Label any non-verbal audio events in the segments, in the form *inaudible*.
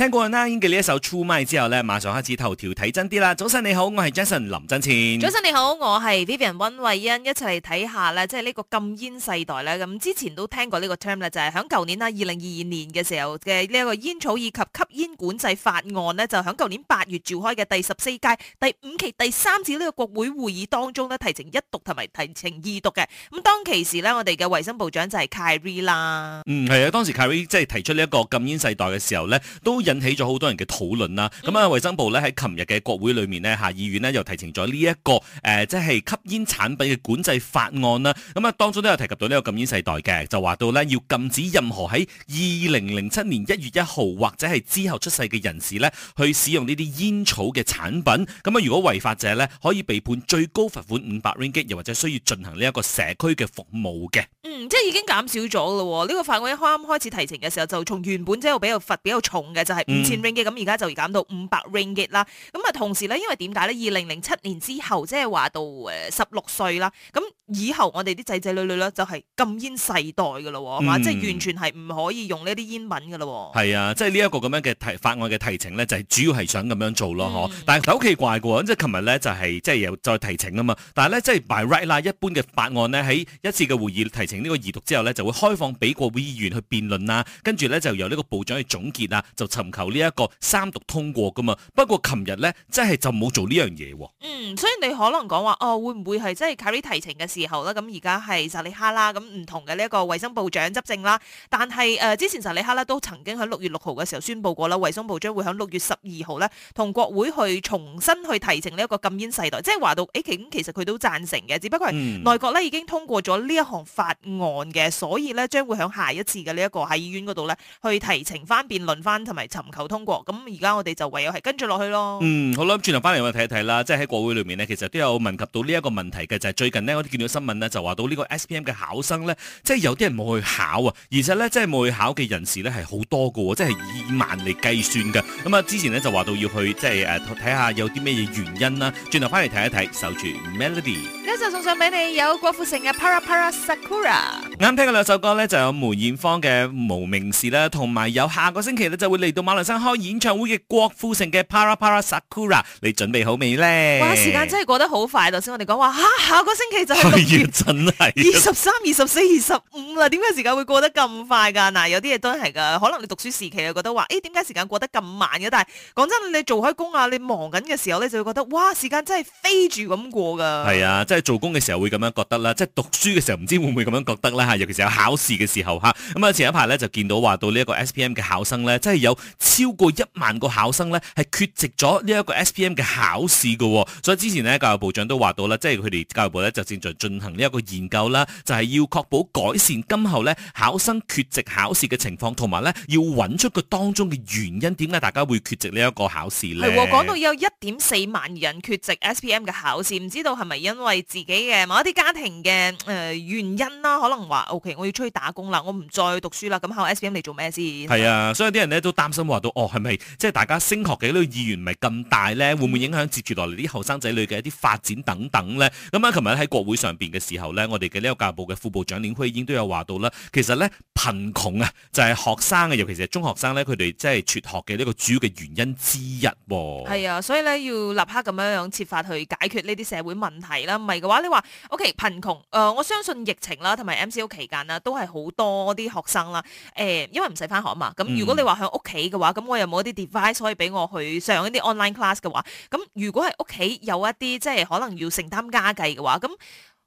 聽過啦，煙嘅呢一首《True Mind》之後呢，馬上開始頭條睇真啲啦。早晨你好，我係 Jason 林真前。早晨你好，我係 Vivian 溫慧欣，一齊嚟睇下呢，即係呢個禁煙世代咧。咁之前都聽過呢個 term 咧，就係響舊年啦，二零二二年嘅時候嘅呢一個煙草以及吸煙管制法案呢，就響舊年八月召開嘅第十四屆第五期第三次呢個國會會議當中呢，提呈一讀同埋提呈二讀嘅。咁當其時呢，我哋嘅衛生部長就係 Khairy 啦。嗯，係啊，當時 Khairy 即係提出呢一個禁煙世代嘅時候呢。都有。引起咗好多人嘅討論啦，咁啊，衞生部咧喺琴日嘅國會裏面呢，下議院呢又提呈咗呢一個誒、呃，即係吸煙產品嘅管制法案啦。咁啊，當中都有提及到呢個禁煙世代嘅，就話到呢要禁止任何喺二零零七年一月一號或者係之後出世嘅人士呢去使用呢啲煙草嘅產品。咁啊，如果違法者呢可以被判最高罰款五百 ringgit，又或者需要進行呢一個社區嘅服務嘅。嗯，即係已經減少咗咯喎，呢、這個法案一啱開始提呈嘅時候就從原本即係比較罰比較重嘅就係五千 ringgit，咁而家就減到五百 ringgit 啦，咁啊同時咧，因為點解咧？二零零七年之後，即係話到誒十六歲啦，咁。以後我哋啲仔仔女女咧就係禁煙世代㗎咯，喎，嗯、即係完全係唔可以用呢啲煙品嘅咯。係啊，即係呢一個咁樣嘅提法案嘅提呈咧，就係、是、主要係想咁樣做咯，嗬、嗯。但係好奇怪嘅，即係琴日咧就係即係又再提呈啊嘛。但係咧即係 by right 啦，一般嘅法案咧喺一次嘅會議提呈呢個二讀之後咧，就會開放俾國會議員去辯論啦。跟住咧就由呢個部長去總結啊，就尋求呢一個三讀通過㗎嘛。不過琴日咧即係就冇做呢樣嘢。嗯，所以你可能講話哦，會唔會係即係考啲提呈嘅時候啦，咁而家係薩利哈啦，咁唔同嘅呢一個衞生部長執政啦。但係誒、呃，之前薩利哈呢都曾經喺六月六號嘅時候宣布過啦，衞生部將會喺六月十二號呢同國會去重新去提呈呢一個禁煙世代，即係話到誒，咁、欸、其實佢都贊成嘅，只不過係內閣呢已經通過咗呢一項法案嘅，所以呢將會喺下一次嘅呢一個喺議院嗰度呢去提呈翻、辯論翻同埋尋求通過。咁而家我哋就唯有係跟住落去咯。嗯，好啦，轉頭翻嚟我哋睇一睇啦，即係喺國會裏面呢，其實都有問及到呢一個問題嘅，就係、是、最近呢，我哋見到。新聞呢就話到呢個 SPM 嘅考生呢，即係有啲人冇去考啊，而且呢，即係冇去考嘅人士呢，係好多個，即係以萬嚟計算㗎。咁、嗯、啊，之前呢就話到要去即係誒睇下有啲咩嘢原因啦。轉頭翻嚟睇一睇，守住 Melody。一就送上俾你，有郭富城嘅 Para Para Sakura。啱聽嘅兩首歌呢，就有梅艷芳嘅無名氏啦，同埋有，有下個星期呢就會嚟到馬來西亞開演唱會嘅郭富城嘅 Para Para Sakura。你準備好未呢？時間真係過得好快，頭先我哋講話下個星期就去。真係 *laughs* 二十三、二十四、二十五啦，點解時間會過得咁快㗎？嗱，有啲嘢都係㗎，可能你讀書時期又覺得話，誒點解時間過得咁慢嘅？但係講真，你做開工啊，你忙緊嘅時候咧，就會覺得哇，時間真係飛住咁過㗎。係啊，即係做工嘅時候會咁樣覺得啦，即係讀書嘅時候唔知會唔會咁樣覺得啦嚇，尤其是有考試嘅時候嚇。咁啊，前一排咧就見到話到呢一個 S P M 嘅考生咧，真係有超過一萬個考生咧係缺席咗呢一個 S P M 嘅考試㗎喎。所以之前呢，教育部長都話到啦，即係佢哋教育部咧就進行呢一個研究啦，就係、是、要確保改善今後呢考生缺席考試嘅情況，同埋呢要揾出佢當中嘅原因。點解大家會缺席呢一個考試咧？係，講到有1.4萬人缺席 SPM 嘅考試，唔知道係咪因為自己嘅某一啲家庭嘅、誒、呃、原因啦？可能話 O.K. 我要出去打工啦，我唔再讀書啦。咁考 SPM 嚟做咩先？係啊，所以啲人呢都擔心話到，哦，係咪即係大家升學嘅呢個意願唔係咁大呢？會唔會影響接住落嚟啲後生仔女嘅一啲發展等等呢？」咁啊，琴日喺國會上。上邊嘅時候咧，我哋嘅呢個教育部嘅副部長林慧英已經都有話到啦。其實咧貧窮啊，就係、是、學生啊，尤其是中學生咧，佢哋即係輟學嘅呢個主要嘅原因之一、哦。係啊，所以咧要立刻咁樣樣設法去解決呢啲社會問題啦。唔係嘅話，你話 O K 貧窮誒，我相信疫情啦，同埋 M C O 期間啦，都係好多啲學生啦。誒、欸，因為唔使返學啊嘛。咁如果你話喺屋企嘅話，咁我又冇一啲 device 可以俾我去上一啲 online class 嘅話，咁如果係屋企有一啲即係可能要承擔家計嘅話，咁。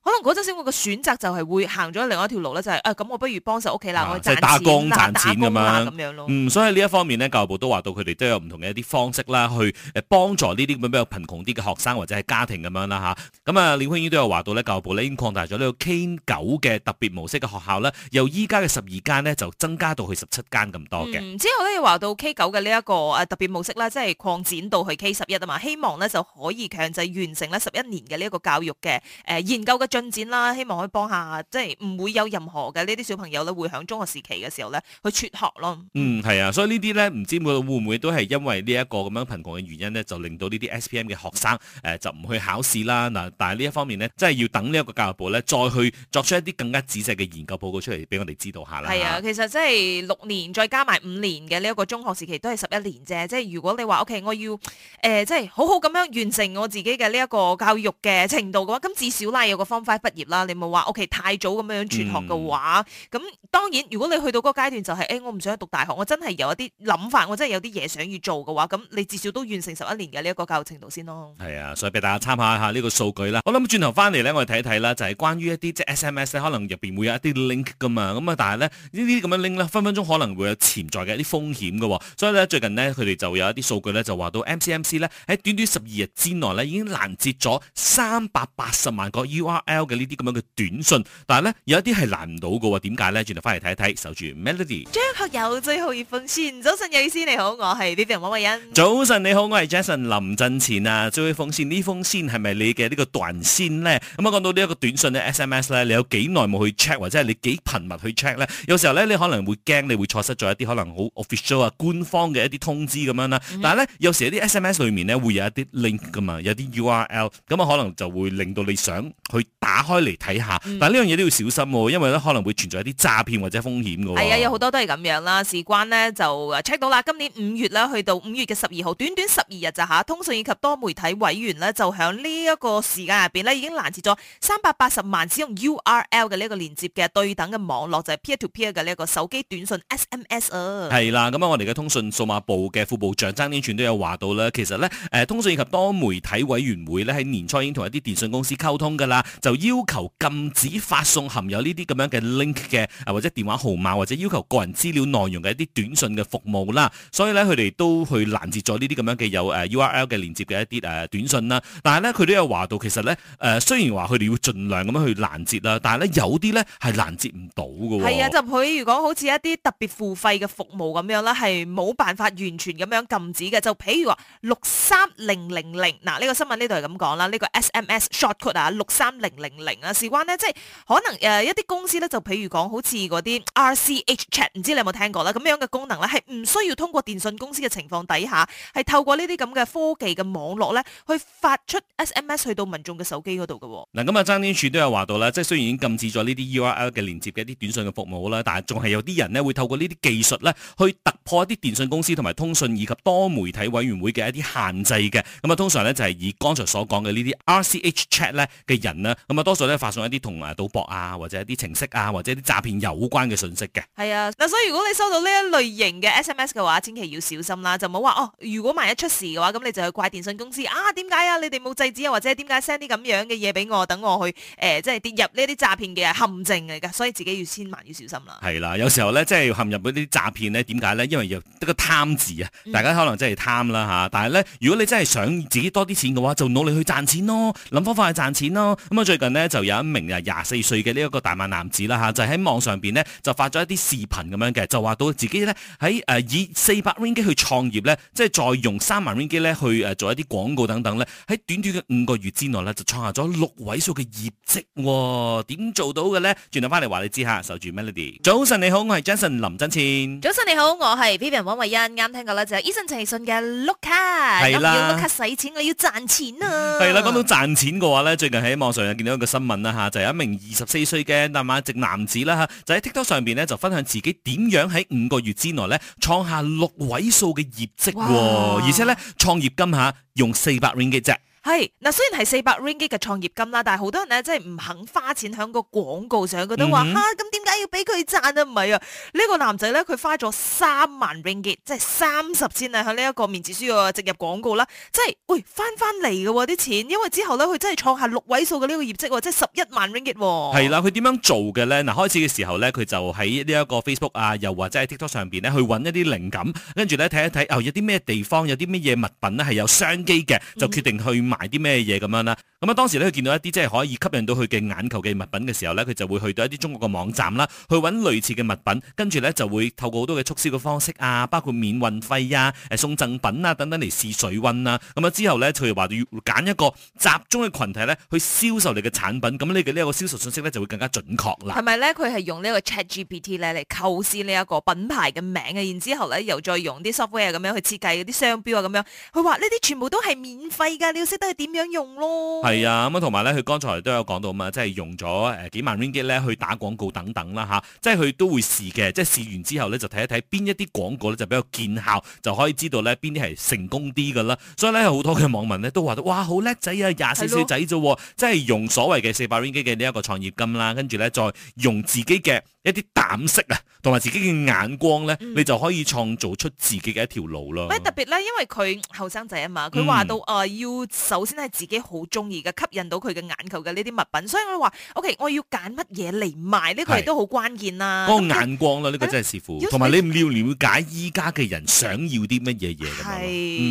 可能嗰陣時我嘅選擇就係會行咗另外一條路咧、就係，就係誒咁我不如幫手屋企啦，我賺打工賺錢咁樣咁樣咯。啊就係、嗯，所以呢一方面呢教育部都話到佢哋都有唔同嘅一啲方式啦，去誒幫助呢啲比較貧窮啲嘅學生或者係家庭咁樣啦嚇。咁啊，梁興英都有話到呢教育部已經擴大咗呢個 K 九嘅特別模式嘅學校啦，由依家嘅十二間呢，就增加到去十七間咁多嘅、嗯。之後呢，又話到 K 九嘅呢一個誒特別模式啦，即、就、係、係、擴展到去 K 十一啊嘛，希望呢就可以強制完成呢十一年嘅呢一個教育嘅誒研究嘅。進展啦，希望可以幫下，即係唔會有任何嘅呢啲小朋友咧，會喺中學時期嘅時候咧，去輟學咯。嗯，係啊，所以這些呢啲咧，唔知道會會唔會都係因為呢一個咁樣貧窮嘅原因咧，就令到呢啲 S.P.M. 嘅學生誒、呃、就唔去考試啦。嗱、呃，但係呢一方面咧，即係要等呢一個教育部咧，再去作出一啲更加仔細嘅研究報告出嚟，俾我哋知道下啦。係啊，其實即係六年再加埋五年嘅呢一個中學時期都係十一年啫。即係如果你話 OK，我要誒、呃、即係好好咁樣完成我自己嘅呢一個教育嘅程度嘅話，咁至少啦有個方。快畢業啦，你唔好話 OK 太早咁樣轉學嘅話，咁、嗯、當然如果你去到嗰個階段就係、是，誒、欸、我唔想讀大學，我真係有一啲諗法，我真係有啲嘢想要做嘅話，咁你至少都完成十一年嘅呢一個教育程度先咯。係啊，所以俾大家參考一下呢個數據啦。好啦，咁轉頭翻嚟咧，我哋睇一睇啦，就係、是、關於一啲即 SMS 咧，可能入邊會有一啲 link 噶嘛，咁啊，但係咧呢啲咁樣 link 咧，分分鐘可能會有潛在嘅一啲風險噶，所以咧最近呢，佢哋就有一啲數據咧就話到 MCMC 咧喺短短十二日之內咧已經攔截咗三百八十萬個 URL。嘅呢啲咁樣嘅短信，但係咧有一啲係難唔到嘅喎，點解咧？轉頭翻嚟睇一睇，守住 Melody。張學友最後一封信，早晨有意思你好，我係呢邊王偉恩。早晨你好，我係 Jason。臨陣前啊，最後封信，先，先呢封信係咪你嘅呢個短信咧？咁啊，講到呢一個短信嘅 SMS 咧，你有幾耐冇去 check 或者係你幾頻密去 check 咧？有時候咧，你可能會驚，你會錯失咗一啲可能好 official 啊、官方嘅一啲通知咁樣啦。但係咧，嗯、有時啲 SMS 裏面咧會有一啲 link 噶嘛，有啲 URL，咁啊可能就會令到你想去。打開嚟睇下，但呢樣嘢都要小心喎，哦，因為咧可能會存在一啲詐騙或者風險嘅喎，哦。係啊，有好多都係咁樣啦。事關呢，就 check 到啦，今年五月啦，去到五月嘅十二號，短短十二日就下，通訊以及多媒體委員呢，就響呢一個時間入面呢，已經攔截咗三百八十萬使用 URL 嘅呢個連接嘅對等嘅網絡就係，是，peer to peer 嘅呢個手機短訊 SMS 啊。係啦，咁啊，我哋嘅通訊數碼部嘅副部長曾添全都有話到啦，其實呢，通訊以及多媒體委員會呢，喺年初已經同一啲電信公司溝通㗎啦，就。要求禁止發送含有呢啲咁樣嘅 link 嘅啊或者電話號碼或者要求個人資料內容嘅一啲短信嘅服務啦，所以咧佢哋都去攔截咗呢啲咁樣嘅有誒 URL 嘅連接嘅一啲誒短信啦。但係咧佢都有話到，其實咧誒雖然話佢哋要盡量咁樣去攔截啦，但係咧有啲咧係攔截唔到嘅。係啊，就佢如果好似一啲特別付費嘅服務咁樣啦，係冇辦法完全咁樣禁止嘅。就譬如話六三零零零嗱，呢個新聞呢度係咁講啦，呢個 SMS short code 啊六三零零零啊，事關呢即係可能一啲公司咧，就譬如講好似嗰啲 RCH Chat，唔知你有冇聽過啦，咁樣嘅功能咧，係唔需要通過電信公司嘅情況底下，係透過呢啲咁嘅科技嘅網絡咧，去發出 SMS 去到民眾嘅手機嗰度嘅。嗱，咁啊，張天柱都有話到咧，即係雖然已經禁止咗呢啲 URL 嘅連接嘅一啲短信嘅服務啦，但係仲係有啲人呢，會透過呢啲技術咧，去突破一啲電信公司同埋通訊以及多媒體委員會嘅一啲限制嘅。咁啊，通常咧就係以剛才所講嘅呢啲 RCH Chat 咧嘅人咁啊，多數咧發送一啲同啊賭博啊或者一啲情色啊或者啲詐騙有關嘅信息嘅。係啊，嗱，所以如果你收到呢一類型嘅 SMS 嘅話，千祈要小心啦，就唔好話哦。如果萬一出事嘅話，咁你就去怪電信公司啊？點解啊？你哋冇制止啊？或者點解 send 啲咁樣嘅嘢俾我，等我去誒，即係跌入呢啲詐騙嘅陷阱嚟噶？所以自己要千萬要小心啦。係啦、啊，有時候咧即係陷入嗰啲詐騙咧，點解咧？因為得個貪字啊，大家可能真係貪啦吓。嗯、但係咧，如果你真係想自己多啲錢嘅話，就努力去賺錢咯，諗方法去賺錢咯。咁啊最最近呢，就有一名啊廿四歲嘅呢一個大馬男子啦吓，啊，就喺，是，網上邊呢，就發咗一啲視頻咁樣嘅，就話到自己呢，喺誒，啊、以四百 ringgit 去創業呢，即係再用三萬 ringgit 呢去誒，啊、做一啲廣告等等呢。喺短短嘅五個月之內呢，就創下咗六位數嘅業績，點、哦、做到嘅呢？轉頭翻嚟話你知吓，守住 Melody。早晨你好，我係 Jason 林真千。早晨你好，我係 Pavan 王慧欣。啱聽過啦，就係 Eason 陳奕迅嘅碌卡。係啦，碌卡使錢，我要賺錢啊。係啦，講到賺錢嘅話呢，最近喺網上呢一個新聞啦吓，就有、是、一名二十四歲嘅大馬籍男子啦吓，就喺 TikTok 上邊咧就分享自己點樣喺五個月之內咧創下六位數嘅業績，哇而且咧創業金吓用四百 Ringgit 啫。.係嗱、啊，雖然係四百 ringgit 嘅創業金啦，但係好多人咧真係唔肯花錢喺個廣告上，佢、嗯、哼都話咁點解要俾佢賺啊？唔係啊，呢、這個男仔咧，佢花咗三萬 ringgit，即係三十千啊，喺呢一個面子書個植入廣告啦，即係喂翻翻嚟嘅喎啲錢，因為之後咧佢真係創下六位數嘅呢個業績，即係十一萬 ringgit，啊。係啦、啊，佢點樣做嘅咧？嗱，開始嘅時候咧，佢就喺呢一個 Facebook 啊，又或者喺 TikTok 上邊咧去揾一啲靈感，跟住咧睇一睇啊、呃，有啲咩地方有啲咩嘢物品咧係有商機嘅，就決定去。買啲咩嘢咁樣啦？咁啊，當時咧佢見到一啲即係可以吸引到佢嘅眼球嘅物品嘅時候咧，佢就會去到一啲中國嘅網站啦，去揾類似嘅物品，跟住咧就會透過好多嘅促銷嘅方式啊，包括免運費啊、誒送贈品啊等等嚟試水温啊。咁啊之後咧，佢又話要揀一個集中嘅群體咧去銷售你嘅產品，咁你嘅呢個銷售信息咧就會更加準確啦。係咪咧？佢係用呢個 ChatGPT 咧嚟構思呢一個品牌嘅名啊，然後之後咧又再用啲 software 咁樣去設計啲商標啊，咁樣佢話呢啲全部都係免費噶，你要識。即係點樣用咯？係啊，咁啊，同埋咧，佢剛才都有講到嘛，即係用咗誒幾萬 Ringgit 咧去打廣告等等啦，吓、啊，即係佢都會試嘅，即係試完之後咧就睇一睇邊一啲廣告咧就比較見效，就可以知道咧邊啲係成功啲噶啦。所以咧好多嘅網民咧都話，哇，好叻仔啊，廿四歲仔啫，對咯 即係用所謂嘅四百 Ringgit 嘅呢一個創業金啦，跟住咧再用自己嘅。一啲膽識啊，同埋自己嘅眼光咧，你就可以創造出自己嘅一條路咯。喂，特別咧，因為佢後生仔啊嘛，佢話到啊，要首先係自己好中意嘅，吸引到佢嘅眼球嘅呢啲物品，所以我話 OK，我要揀乜嘢嚟賣呢個亦都好關鍵啦。個眼光啦，呢個真係視乎，同埋你唔要了解依家嘅人想要啲乜嘢嘢。係，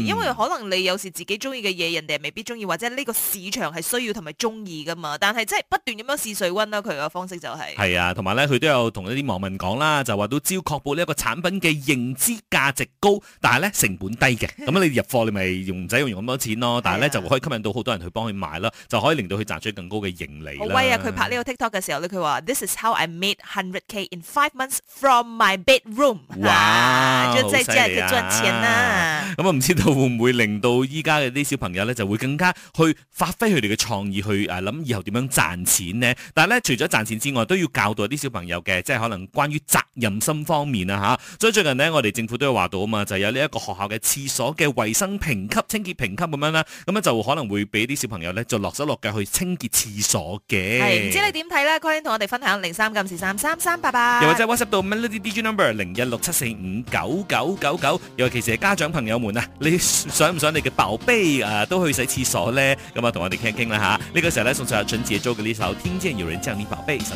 因為可能你有時自己中意嘅嘢，人哋未必中意，或者呢個市場係需要同埋中意㗎嘛。但係即係不斷咁樣試水溫啦，佢嘅方式就係。係啊，同埋咧，佢都有。同一啲網民講啦，就話都只要確保呢一個產品嘅認知價值高，但係咧成本低嘅，咁你入貨你咪用唔使用咁多錢咯， *laughs* 但係咧就可以吸引到好多人去幫佢買啦，就可以令到佢賺取更高嘅盈利。好威啊！佢、哦、拍呢個 TikTok 嘅時候呢，佢話 This is how I made 100k in five months from my bedroom。哇！即係真係賺錢啦、啊。咁啊唔、嗯嗯、知道會唔會令到依家嘅啲小朋友咧就會更加去發揮佢哋嘅創意去誒諗以後點樣賺錢呢？但係咧除咗賺錢之外，都要教導啲小朋友嘅。即係可能關於責任心方面啊，吓！所以最近呢，我哋政府都有話到啊嘛，就有呢一個學校嘅廁所嘅衛生評級、清潔評級咁樣啦，咁樣就可能會俾啲小朋友呢，就落手落腳去清潔廁所嘅。係，唔知你點睇呢？可以同我哋分享零三九四三三三，八八。又或者 WhatsApp 到 melody DJ number 零一六七四五九九九九，尤其係家長朋友們啊，你想唔想你嘅寶貝啊都去洗廁所呢？咁啊，同我哋傾傾啦吓。呢、這個時候呢，送上陳潔儀嘅呢首《聽見有人叫你寶貝》，收